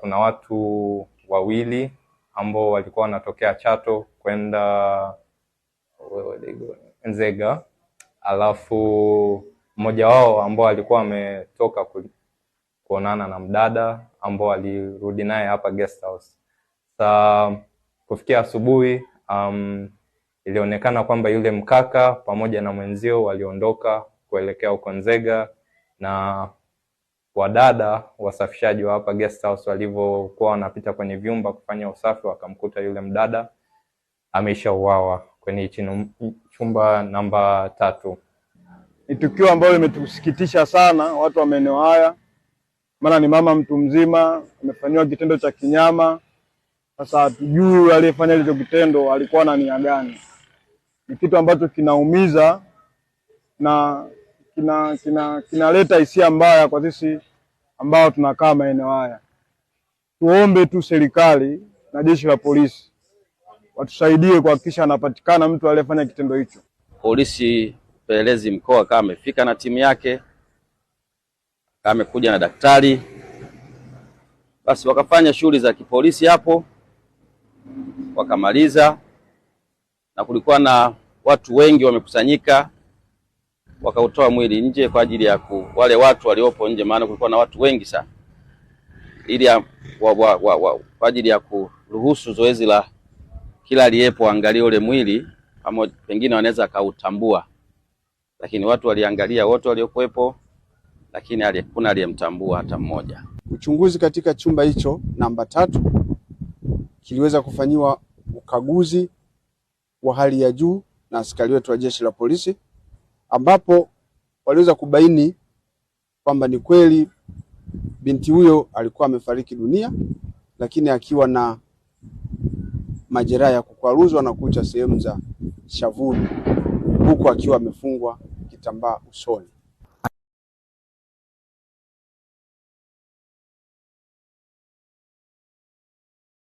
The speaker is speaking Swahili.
Kuna watu wawili ambao walikuwa wanatokea Chato kwenda Nzega, alafu mmoja wao ambao alikuwa ametoka kuonana na mdada ambao alirudi naye hapa guest house. Sa kufikia asubuhi, um, ilionekana kwamba yule mkaka pamoja na mwenzio waliondoka kuelekea huko Nzega na wadada wasafishaji wa hapa guest house walivyokuwa wanapita kwenye vyumba kufanya usafi, wakamkuta yule mdada ameishauawa kwenye chumba namba tatu. Ni tukio ambalo limetusikitisha sana watu wa maeneo haya, maana ni mama mtu mzima amefanyiwa kitendo cha kinyama. Sasa hatujui aliyefanya hicho kitendo alikuwa na nia gani. Ni kitu ambacho kinaumiza na kinaleta kina, kinaleta hisia mbaya kwa sisi ambao tunakaa maeneo haya. Tuombe tu serikali na jeshi la polisi watusaidie kuhakikisha anapatikana mtu aliyefanya kitendo hicho. Polisi pelelezi mkoa kama amefika na timu yake, kama amekuja na daktari, basi wakafanya shughuli za kipolisi hapo, wakamaliza na kulikuwa na watu wengi wamekusanyika wakautoa mwili nje kwa ajili ya ku, wale watu waliopo nje, maana kulikuwa na watu wengi sana, ili kwa ajili ya kuruhusu zoezi la kila aliyepo angalia ule mwili pamoja, pengine wanaweza akautambua, lakini watu waliangalia wote waliokuwepo, lakini hakuna aliyemtambua hata mmoja. Uchunguzi katika chumba hicho namba tatu kiliweza kufanyiwa ukaguzi wa hali ya juu na askari wetu wa jeshi la polisi ambapo waliweza kubaini kwamba ni kweli binti huyo alikuwa amefariki dunia, lakini akiwa na majeraha ya kukwaruzwa na kucha sehemu za shavuni, huku akiwa amefungwa kitambaa usoni.